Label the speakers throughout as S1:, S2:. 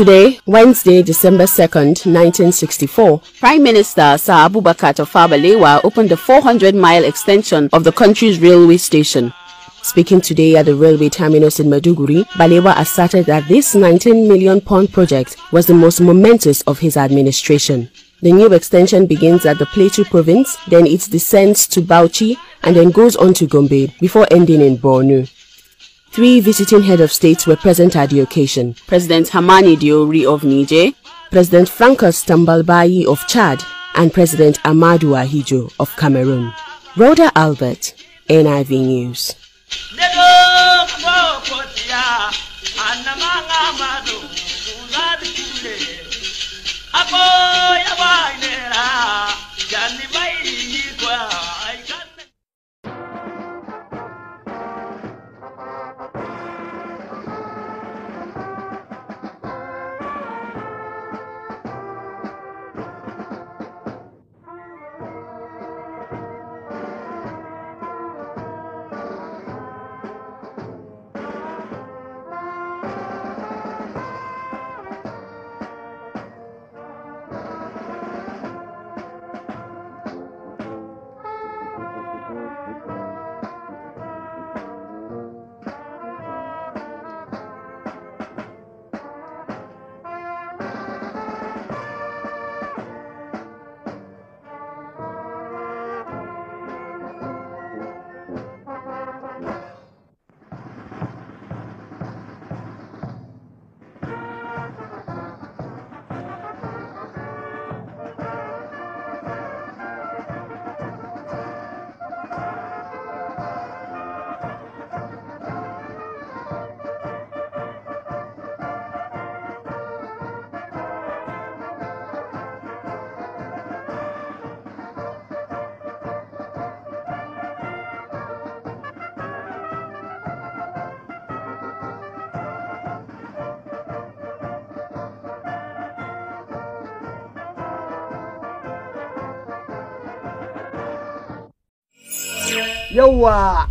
S1: Today, Wednesday, December 2nd, 1964, Prime Minister Sir Abubakar Tofabalewa opened the 400-mile extension of the country's railway station. Speaking today at the railway terminus in Maduguri, Balewa asserted that this 19 million pound project was the most momentous of his administration. The new extension begins at the Plateau province, then it descends to Bauchi and then goes on to Gombe before ending in Bornu. Three visiting head of states were present at the occasion. President Hamani Diori of Niger, President Francois Tambalbayi of Chad, and President Amadou Ahijo of Cameroon. Rhoda Albert, NIV News.
S2: 有啊。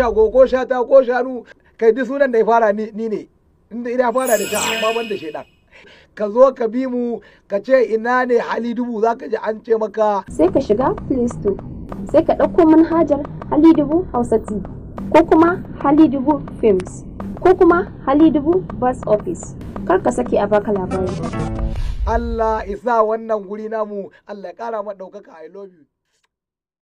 S2: go ko shata ko sha shanu kai duk sunan da ya fara ni ne inda ina fara da sha amma ban da shaidan ka zo ka bi mu ka ce ina ne hali dubu za ka ji an ce maka sai ka shiga play store sai ka ɗauko manhajar hali dubu hausa T ko kuma hali dubu films ko kuma hali dubu bus office kar ka sake a baka labari Allah isa wannan guri namu Allah ya kara ma ɗaukaka I love you